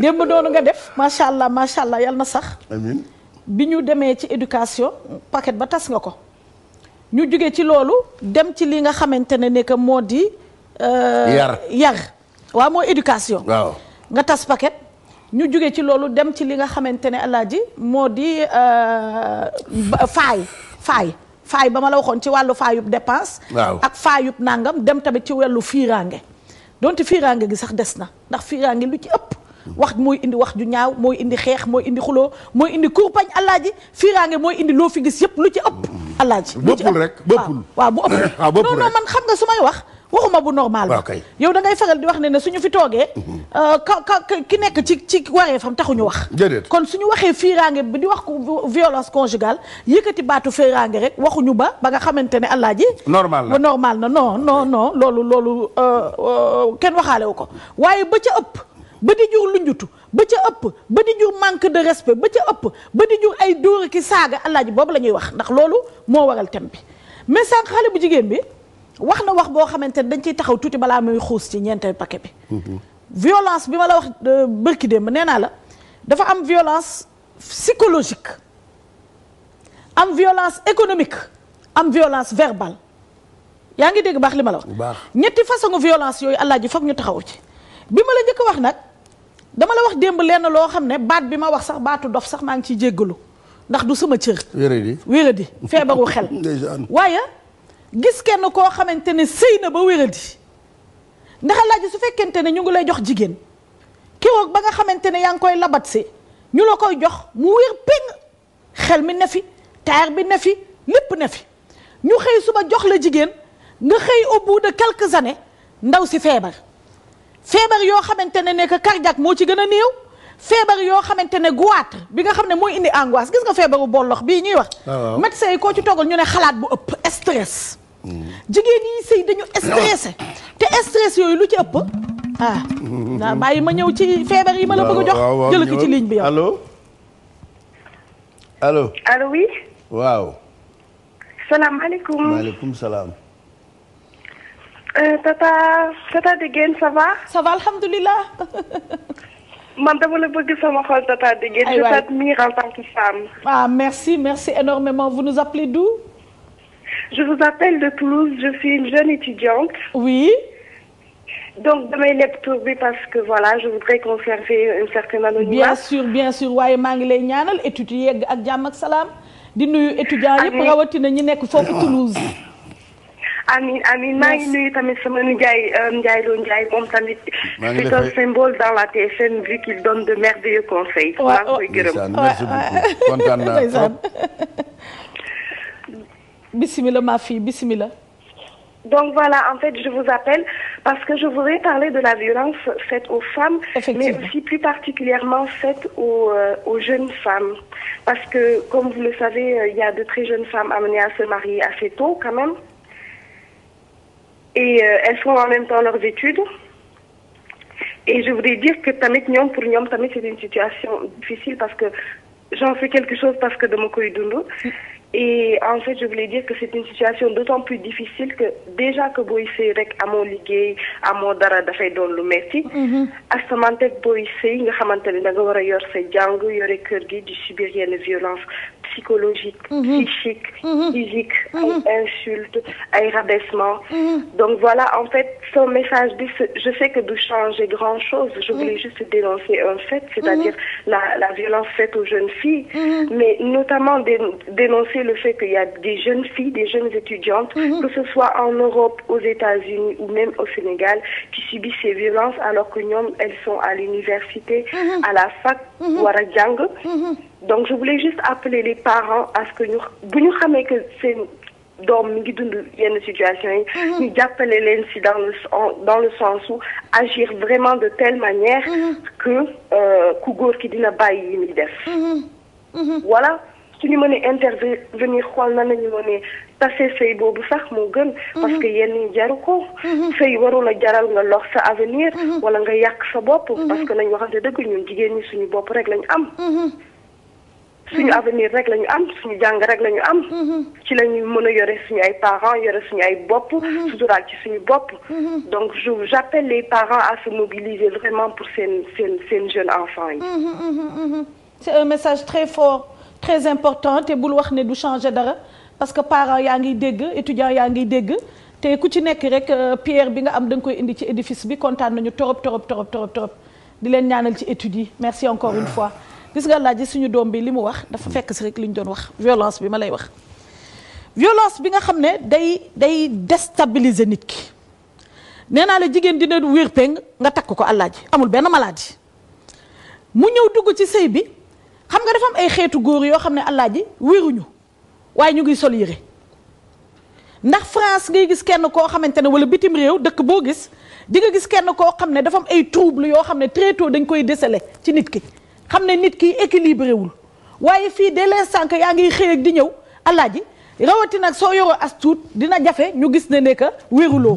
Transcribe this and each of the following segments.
démb doonu nga def macha allah macha allah yal na sax. bi ñu demee ci éducation paquet ba tas nga ko. ñu jóge ci loolu dem ci li nga xamante ne ne que moo di. Euh, yar yar waaw moo éducation. nga tas paquet. ñu jóge ci loolu dem ci li nga xamante ne alaaji moo di euh, faay faay. faay ba ma la waxoon ci wàllu faayub dépense. ak faayub nangam dem tamit ci wàllu fiiraange donte fiiraange gi sax des na ndax fiiraange lu ci ëpp. wax mooy indi wax ju ñaaw mooy indi xeex mooy indi xuloo mooy indi kurpañ alaaji fiiraange mooy indi loo fi gis yëpp lu ci ëpp alaaji bëppul rek bëppul waaw bu ëpp ah, non non man xam nga su may wax waxuma bu normal bi ah, yow dangay ngay di wax ne ne suñu fi toogee euh, ka ka ki nekk ci ci waree fam taxuñu wax kon suñu waxee fiiraange bi di wax violence conjugale yëkkati baatu fiiraange rek waxuñu ba ba nga xamante ne alaaji normal na normal na non non non loolu loolu euh, euh, kenn waxaale wu ko waaye ba ca ëpp ba di jur lunjutu ba ca ëpp ba di jur manque de respect ba ca ëpp ba di jur ay dóor ki saaga alaaji boobu la ñuy wax ndax loolu moo waral thème bi mais sànq xale bu jigéen bi wax na wax boo xamante ne dañ ciy taxaw tuuti balaa muy xuus ci ñeenteel paquet bi mm-hmm. violence bi ma la wax euh, bërki démb nee naa la dafa am violence psychologique am violence économique am violence verbale yaa ngi dégg baax li ma la wax ñetti façon violence yooyu allaaj foog ñu taxaw ci bi ma la njëkk wax nag dama la wax démb lenn loo xam ne baat bi ma wax sax baatu dof sax maa ngi ciy jéggalu ndax du sama cër. wéradi wéradi feebaru xel. waaye gis kenn koo xamante ne sëy na ba wéradi ndax laaj su fekkente ne ñu ngi lay jox jigéen kiroog ba nga xamante ne yaa ngi koy labat si ñu la koy jox mu wér péng xel mi ne fi taar bi ne fi lépp ne fi ñu xëy suba jox la jigéen nga xëy au bout de sa années ndaw si feebar. feebar yoo xamante ne nekk cardiaque moo ci gën a néew feebar yoo xamante ne goitre bi nga xam ne mooy indi angoisse gis nga feebaru bollox bii ñuy wax ah, médecin yi koo ci toggal ñu ne xalaat bu ëpp stress hmm. jigéen yi sëy dañu stressé te stress yooyu lu ci ëpp ah naa bàyyi ma ñëw ci feebar yi ma la bëgg a jox jël ci ligne bi yow allo allo allo oui waaw salaamaaleykum maaleykum salaam Euh, tata tata Déguène ça va. ça va alhamdulilah. man dama la bëgg sama xol tata Déguène. aywaay je t'admire en tant que femme. ah merci merci énormément vous nous appelez d'où. je vous appelle de Toulouse je suis une jeune étudiante. oui. donc damay lépp tur bi parce que voilà je voudrais conserver une certaine anonymat. bien sûr bien sûr waaye maa ngi lay ñaanal études yegg ak jàmm salaam di nu étudiants yëpp rawatina ñi Toulouse. amiin amiin maa ngi nuyu euh, c'est un symbole dans la TFM vu qu'il donne de merveilleux conseils. ma fille bisimilah. donc voilà en fait je vous appelle parce que je voudrais parler de la violence faite aux femmes mais aussi plus particulièrement faite euh, aux jeunes femmes parce que comme vous le savez euh, il y a de très jeunes femmes amenées à se marier assez tôt quand même et euh, elles font en même temps leurs études et je voudrais dire que tamit ñoom pour ñoom tamit c'est une situation difficile parce que j'en fais quelque chose parce que dama koy dund et en fait je voulais dire que c'est une situation d'autant plus difficile que déjà que booy sëy rek amoo liggéey amoo dara dafay doon lu metti mhm. astamanteeg booy sëy nga xamante ne da nga war a yor sa jàng yore kër gi di subir yenn violence psychologique, mhm. psychique, mhm. Mhm. physique, ay insulte ay rabaissement donc voilà en fait son message bi je sais que du changer grand chose je voulais juste dénoncer un fait c'est-à-dire la la violence faite aux jeunes filles mais notamment dénoncer le fait qu'il y a des jeunes filles des jeunes étudiantes que ce soit en Europe aux États-Unis ou même au Sénégal qui subissent ces violences alors que ñoom elles sont à l'université à la fac war a jàng donc je voulais juste appeler les parents à ce que ñu bu ñu xamee que seen doom mi ngi dund yenn situation yi. Mhm. ñu jàppale leen si dans le dans le sens où agir vraiment de telle manière. Mhm. que euh, ku góor ki dina bàyyi yi muy def. Mhm. voilà su ñu mënee intervenir xool na nañu mënee tase sëy bu sax moo gën. parce que yenn yi jaru ko. sëy warul a jaral nga lox sa avenir. wala nga yàq sa bopp. parce que nañ waxante dëgg ñun jigéen ñi suñu bopp rek la lañ am. ñu avenir rek la ñu am suñu jàng rek la ñu am. Mhm. ci la ñuy mën a yore suñu ay parents yore suñu ay bopp. Mhm. suturaal ci suñu bopp. Mhm. donc je j'appelle les parents à se mobiliser vraiment pour seen seen seen jeunes enfants yi. c'est un message très fort très important te bul wax ne du changer dara parce que parents yaa ngi dégg étudiants yaa ngi dégg. te ku ci nekk rek euh, pierre bi nga am da koy indi ci édifice bi kontaan nañu torop torop torop torop torop di leen ñaanal ci études yi merci fois gis nga laaj suñu doom bi li mu wax dafa fekk si rek li ñu doon wax violence bi ma lay wax violence bi nga xam ne day day déstabiliser nit ki nee naa la jigéen dina wér peng nga takk ko àllaaji amul benn maladie mu ñëw dugg ci sëy bi xam nga dafa ay xeetu góor yoo xam ne yi wéruñu waaye ñu ngi sol yére ndax France ngay gis kenn koo xamante ne wala bitim réew dëkk boo gis di nga gis kenn koo xam ne dafa am ay trouble yoo xam ne très dañ koy déceler ci nit ki xam ne nit ki équilibré wul waaye fii de l'instant que yaa ngi xëy di ñëw alaaji rawatina nag soo yoroo as tuut dina jafe ñu gis ne ne que wéruloo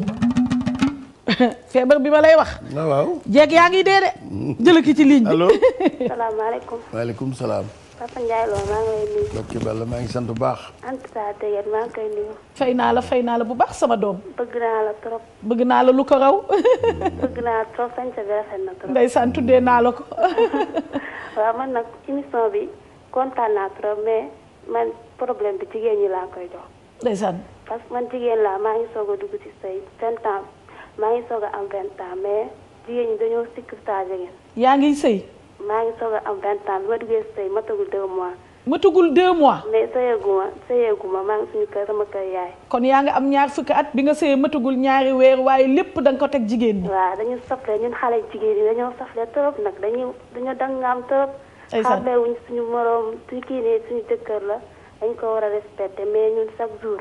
feebar bi ma lay wax. Ah, waaw jeeg yaa ngi dee de. jël ki ci ligne bi allo. salaamaaleykum. waaleykum salaam. Papa maa ngi lay bu baax. en tout cas naa la fay naa la bu baax sama doom. bëgg naa la bëgg naa la lu ko raw. bëgg naa trop sañ naa la ko. waaw man nag émission bi kontaan naa trop mais man problème bi jigéen ñi laa koy jox. ndeysaan. parce que man jigéen laa maa ngi soog a dugg ci sëy vingt ans maa ngi soog a am vingt ans mais jigéen ñi dañoo sikk saa jigéen. yaa ngi sëy. maa ngi soog a am vingt ans bi ma duggee sëy matagul deux mois. ma tugul deux mois. mais sëyeeguma sëyeeguma maa ngi suñu kër sama kër yaay. kon yaa nga am ñaar fukki at bi nga sëyee ma tugul ñaari weer waaye lépp da ko teg jigéen ñi. waaw dañu safle ñun xale jigéen yi dañoo safle trop nag dañuy dañoo dangaam trop. ay sant suñu moroom suñu kii ne suñu jëkkër la dañ ko war a respecté mais ñun chaque jour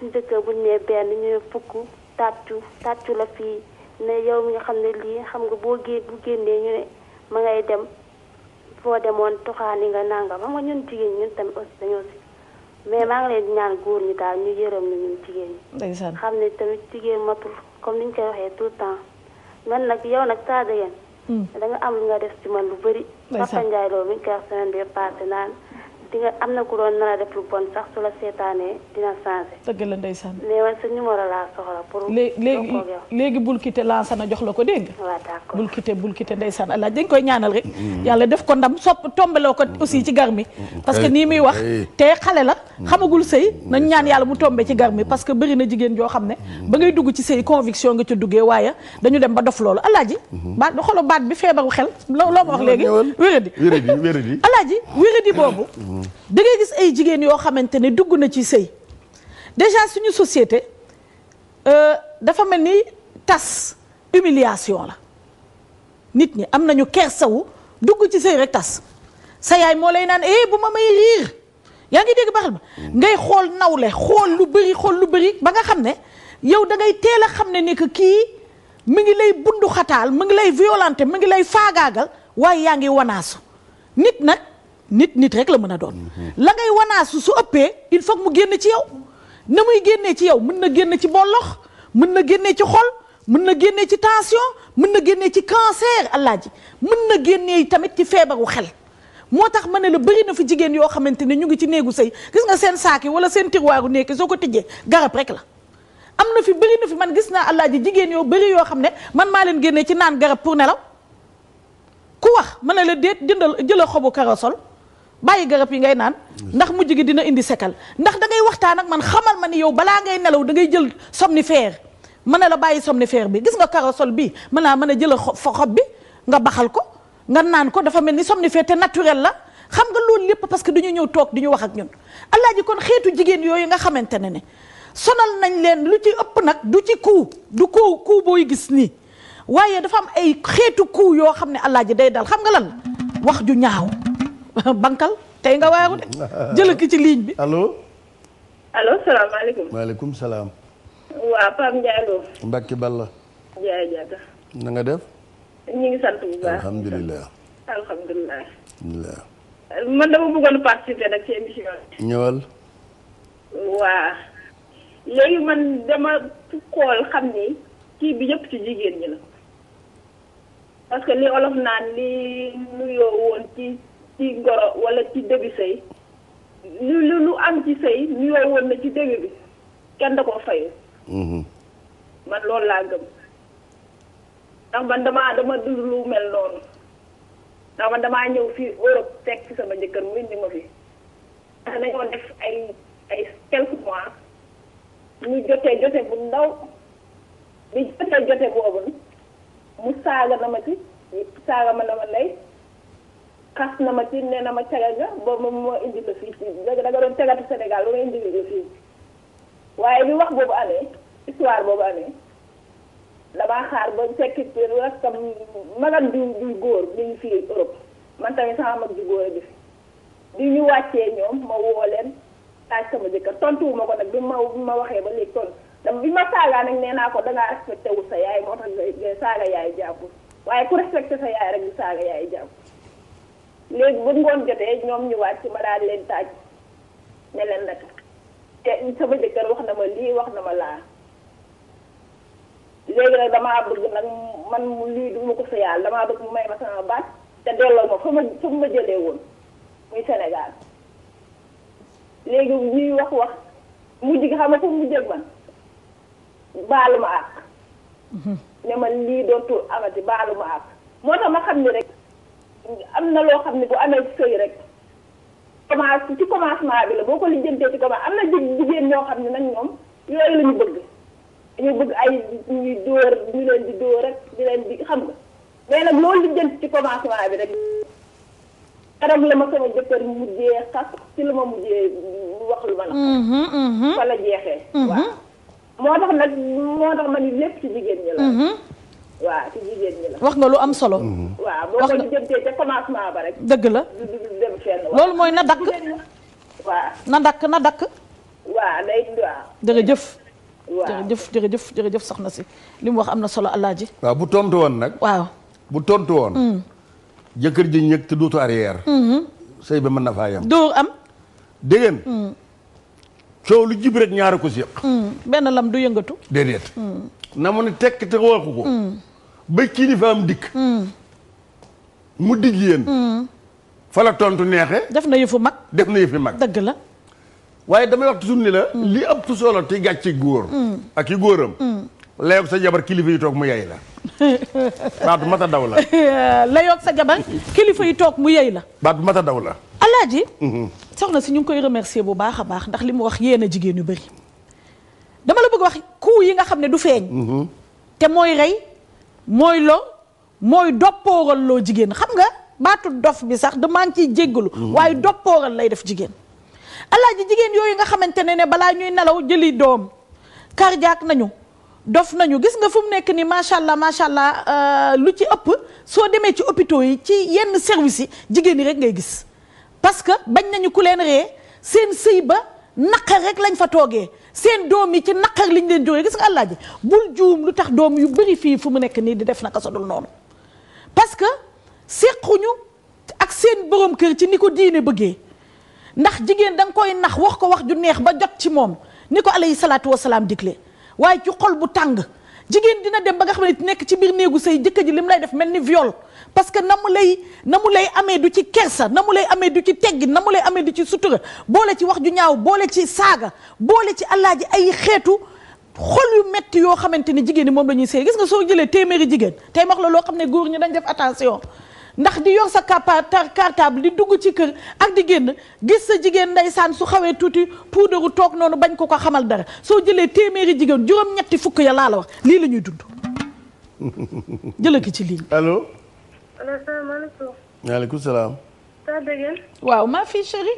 suñu jëkkër buñ nee benn ñu ne fukk tàccu tàccu la fii ne yow mi nga xam ne lii xam nga boo génn bu génnee ñu ne ma ngay dem. foo demoon toxaani nga nangam ma nga ñun jigéen ñun tamit aussi dañoo si mais maa ngi leen di ñaan góor ñi daal ñu yërëm ñu ñun jigéen ñi xam ne tamit jigéen matul comme ni ñu koy waxee tout le temps man nag yow nag saa hmm. da nga am lu nga def ci man lu bëri Papa Ndiaye loolu mi ngi koy wax semaine bi naan di am na ku doon nar a def lu bon sax su la seetaanee dina changé. dëgg la ndeysaan. mais man sa laa soxla pour. léegi léegi bul kite lancé na jox la ko dégg nga. waaw d'accord bul kite bul kite ndeysaan allah dañ koy ñaanal rek. Mm-hmm. yàlla def ko ndam sopp tombaloo ko aussi ci gar mi. Mm-hmm. parce que nii muy wax te xale la. xamagul sëy nañ ñaan yàlla mu tombé ci gar mi parce que bëri na jigéen joo xam ne ba ngay dugg ci sëy conviction nga ci duggee waaye dañu dem ba dof loolu alaaji baat xolo baat bi feebaru xel loo ma wax léegi wéradi wéradi alaaji wéradi boobu da ngay gis ay jigéen yoo xamante ne dugg na ci sëy déjà suñu société euh, dafa mel ni tas humiliation la nit ñi am nañu kersawu dugg ci sëy rek tas sa yaay moo lay naan eh bu ma may riir yaa ngi dégg baaxal ma mm. ngay xool nawle xool lu bëri xool lu bari ba nga xam ne yow dangay ngay teel a xam ne ni que kii mu ngi lay bundu xataal ngi lay violenté mi ngi lay faagaagal waaye yaa ngi wanaasu nit nag nit nit rek la mën a doon mm-hmm. la ngay wanaasu su ëppee il faut mu génn ci yow na muy génnee ci yow mën na génn ci bollox mën na génnee ci xol mën na génnee ci tension mën na génne ci cancer ji mën na génnee tamit ci feebaru xel moo tax ma ne la bëri na fi jigéen yoo xamante ne ñu ngi ci néegu sëy gis nga seen saak yi wala seen tiroiru nekk soo ko tijjee garab rek la am na fi bëri na fi man gis naa àllaaji jigéen yoo bëri yoo xam ne man maa leen génnee ci naan garab pour nelaw ku wax ma ne la déet jëndal jëla xobu karasol bàyyi garab yi ngay naan ndax mujj gi dina indi sekal ndax da ngay waxtaan ak man xamal ma ni yow balaa ngay nelaw da ngay jël somnifère ma ne la bàyyi somnifère bi gis nga karasol bi mën naa mën a jëla xob bi nga baxal ko nga naan ko dafa mel ni somnifère te naturel la xam nga loolu lépp parce que dañu ñëw toog di ñu wax ak ñun alaaji kon xeetu jigéen yooyu nga xamante ne ne sonal nañ leen lu ci ëpp nag du ci coup du coup coup booy gis nii waaye dafa am ay xeetu coup yoo xam ne alaaji day dal xam nga lan wax ju ñaaw bankal tey nga waaru de jël ki ci ligne bi allo allo salaamaaleykum maaleykum salaam waa Pam Ndiallo Mbacke Balla jaay jaata nga def ñu ngi sant bu baax alhamdulilah. alhamdulilah. alhamdulilah. man dama bëggoon participer nag ci émission bi. ñëwal. waa léegi man dama xool xam ni kii bi yëpp ci jigéen ñi la parce que li olof naan li nuyoo woon ci ci ngoro wala ci début sëy lu lu lu am ci sëy nuyoo woon na ci début bi kenn da koo fayu mhm. man loolu laa gëm. ndax man damaa dama dund lu mel noonu ndax man damaa ñëw fii Europe teg ci sama njëkkër mu indi ma fi ndax dañoo def ay ay quelques mois ñu jotee jote bu ndaw bi jotee jote boobu mu saaga na ma ci saaga ma na ma ndey xas na ma ci nee na ma cagal nga ba moom moo indi la fii da nga doon tegatu Sénégal lu nga indi la fii waaye bi wax boobu amee histoire boobu amee damaa xaar ba fekk ci rakkam góor mi ngi fii Europe man tamit sama mag di góor a def di ñu wàccee ñoom ma woo leen laaj sama jëkkër tontuwuma ko nag bi ma bi ma waxee bi ma saagaa nee naa ko dangaa respecté wu sa yaay moo tax nga saaga yaay jàppul waaye ku respecté sa yaay rek di saaga yaay jàpp léegi bu ngoon jotee ñoom ñu wàcc ma daal leen taaj ne leen nag te eh, sama jëkkër wax na ma lii wax na ma laa léegi nag damaa bëgg nag man lii du ma ko sëyaal damaa bëgg mu may ma sama baat te delloo ma fa ma fa ma jëlee woon muy Sénégal léegi ñuy wax wax mujj gi xam nga foofu mu jëg man baalu ma àq. ne man lii dootul amati baalu ma àq moo tax ma xam ni rek am na loo xam ne bu amee sëy rek commence ci commencement bi la boo ko lijjantee ci commence am na jigéen ñoo xam ne nag ñoom yooyu la ñu bëgg. ñu bëgg ay ñuy dóor ñu leen di dóor rek di leen di xam nga mais nag loolu li jënt ci commencement bi rek keroog la ma sama jëkkër mujjee xas ci lu ma mujjee wax lu ma na mhm, mhm. fa la jeexee mhm. moo tax nag moo ma ni lépp ci jigéen ñi la waaw ci jigéen ñi la wax nga lu am solo waaw boo ko jëntee ca commencement ba rek dëgg la du dem loolu mooy na dakk waaw na dakk na dakk waaw day waaw jëf jërëjëf jërëjëf jërëjëf soxna si li mu wax am na solo alaaji waaw bu tontu woon nag waaw bu tontu woon hmm. jëkkër ji ñëg te duutu arrière hmm. sëy ba mën na faa yam doo am dégg ngeen hmm. coow lu jib rek ñaara ko séq benn lam du yëngatu déedéet na mu ne tekk te waxu ko ba kilifa am dikk mu digg yéen fa la tontu neexe def na yëfu mag def na yëfi mag dëgg la waaye damay wax toujours ni la. li ëpp tu solo te gàcce góor. ak i góoram. layoog sa jabar kilifa yi toog mu yey la. baatu mata daw la. layoog sa jabar kilifa yi toog mu yey la. baatu mata daw la. alaaji. Mhm. soxna si ñu ngi koy remercier bu baax a baax ndax li mu wax yéen a jigéen yu bëri. dama la bëgg wax ku yi nga xam ne du feeñ. Mhm. te mooy rey mooy lo mooy doppooral loo jigéen xam nga baatu dof bi sax damaa ngi ciy jéggalu. Mhm. waaye doppooral lay def jigéen. alaaji jigéen yooyu nga xamante ne ne balaa ñuy nelaw jëli doom cardiaque nañu dof nañu gis nga fu mu nekk nii macha allah macha allah euh, lu ci ëpp soo demee ci hôpitaux yi ci yenn services yi jigéen ñi rek ngay gis parce que bañ nañu ku leen ree seen sëy ba naqar rek lañ fa toogee seen doom yi ci naqar liñ leen jógee gis nga àllaaji bul juum lu tax doom yu bëri fii fu mu nekk nii di def na naka sodul noonu parce que sequñu ak seen borom kër ci ni ko diine bëggee. ndax jigéen da koy nax wax ko wax ju neex ba jot ci moom ni ko alayhi salaatu wasalaam digle waaye ci xol bu tàng jigéen dina dem ba nga xam ne nekk ci biir néegu say jëkkër ji lim lay def mel ni viol parce que na mu lay na mu lay amee du ci kersa na mu lay amee du ci teggi na mu lay amee du ci sutura boole ci wax ju ñaaw boole ci saaga boole ci allaaji ay xeetu xol yu metti yoo xamante ni jigéen ñi moom la ñuy sëy gis nga soo jëlee téeméeri jigéen tey wax la loo xam ne góor ñi dañ def attention ndax di yor sa cartable di dugg ci kër ak di génn gis sa jigéen ndeysaan su xawee tuuti puudaru toog noonu bañ ko ko xamal dara soo jëlee téeméeri jigéen juróom-ñetti fukk ya laa la wax lii la ñuy dund jëla ki ci ligne allo asalaamaaleykum waaleykum salaam waaw maa fii chéri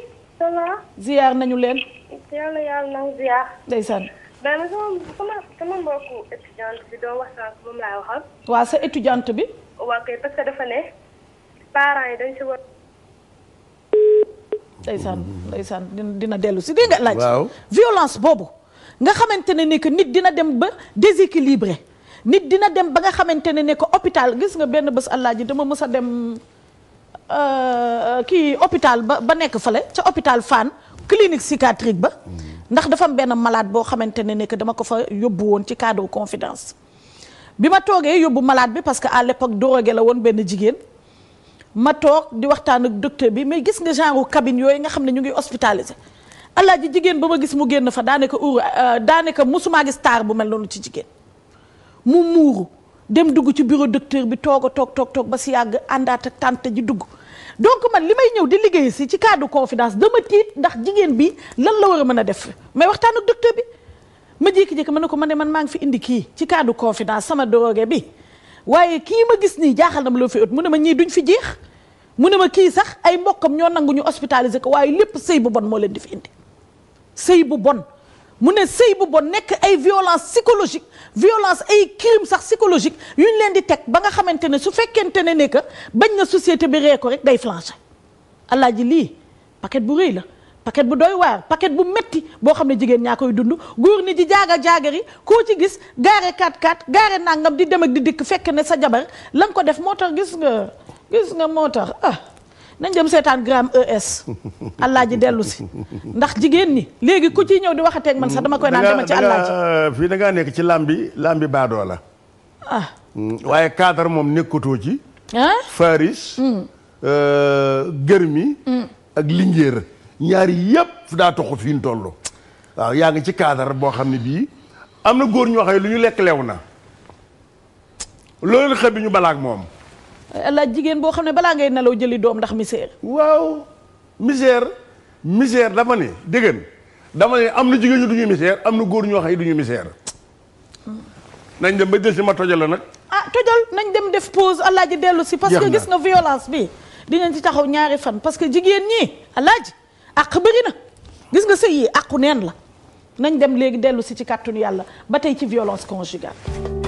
ziyaar nañu leen yàlla yàlla nangu ziyaar ndeysaan daana sama sama mbokku étudiante bi doon wax sànq moom laay waxal waa sa étudiante bi waa kay parce que dafa ne parents yi dañ si war. ndeysaan dina dellu si dégg nga laaj. violence boobu. nga xamante ne ni nit dina dem ba déséquilibré nit dina dem ba nga xamante ne ne que hôpital gis nga benn bés àllaa ji dama mës a dem euh, kii hôpital ba ba nekk fale ca hôpital Fann clinique psychiatrique ba ndax dafa benn malaat boo xamante ne nekk dama ko fa yóbbu woon ci cadre confidence bi ma toogee yóbbu malaat bi parce que à l'époque drogué la woon benn jigéen ma toog di waxtaan ak docteur bi mais gis nga genre cabine yooyu nga xam ne ñu ngi hospitalisé allah ji jigéen ba ma gis mu génn fa daanaka uru euh, daanaka mosumaa gis taar bu mel noonu ci jigéen mu muuru dem dugg ci bureau docteur bi toog a toog toog toog ba si yàgg àndaat ak tante ji dugg donc man li may ñëw di liggéey si ci cadre confidence dama tiit ndax jigéen bi lan la war a mën a def may waxtaan ak docteur bi ma jékki-jékki mën na ko mën ne man maa ngi fi indi kii ci cadre confidence sama drogué bi waaye kii ma gis nii jaaxal na ma loo fi ut mu ne ma ñii duñ fi jeex mu ne ma kii sax ay mbokkam ñoo nangu ñu hospitalisé ko waaye lépp sëy bu bon moo leen di fi indi sëy bu bon mu ne sëy bu bon nekk ay violence psychologique violence ay crime sax psychologique yu ñu leen di teg ba nga xamante ne su fekkente ne ne que bañ na société bi ree ko rek day flanché alaaji lii paquet bu rëy la paquet bu doy waar paquet bu metti boo xam ne jigéen ñaa koy dund góor ni di jaaga jaagari koo ci gis gaare 4-4 gaare nangam di dem ak di dikk fekk ne sa jabar lan ko def moo tax gis nga gis nga moo tax ah nañ dem seetaan gramme ES allah ji dellu si ndax jigéen ñi léegi ku ciy ñëw di waxateeg man sax dama koy naan mm, dama ci allah ji fii da ngaa nekk ci lambi lambi baadoo la ah mm, waaye cadre moom nekkatoo ci ah? faris mm. euh, gërmi ak lingéer ñaari yëpp daa toxu fi ñu toll. waaw yaa ngi ci cadre boo xam ne bii am na góor ñoo xam lu ñu lekk lew na loolu xëy bi ñu balaak moom. laaj jigéen boo xam ne balaa ngay nelaw jëli doom ndax misère. waaw misère misère dama ne dégg dama ne am na jigéen ñu du ñu misère am na góor ñoo xam ne du ñu misère. nañ dem ba jël si ma tojal la nag. ah tojal nañ dem def pause allah ji dellu si. parce que gis nga violence bi dinañ ci taxaw ñaari fan parce que jigéen ñi allah ji àq bëri na gis nga sëy yi àqu neen la nañ dem léegi dellu si ci kàttanu yàlla ba tey ci violence conjugale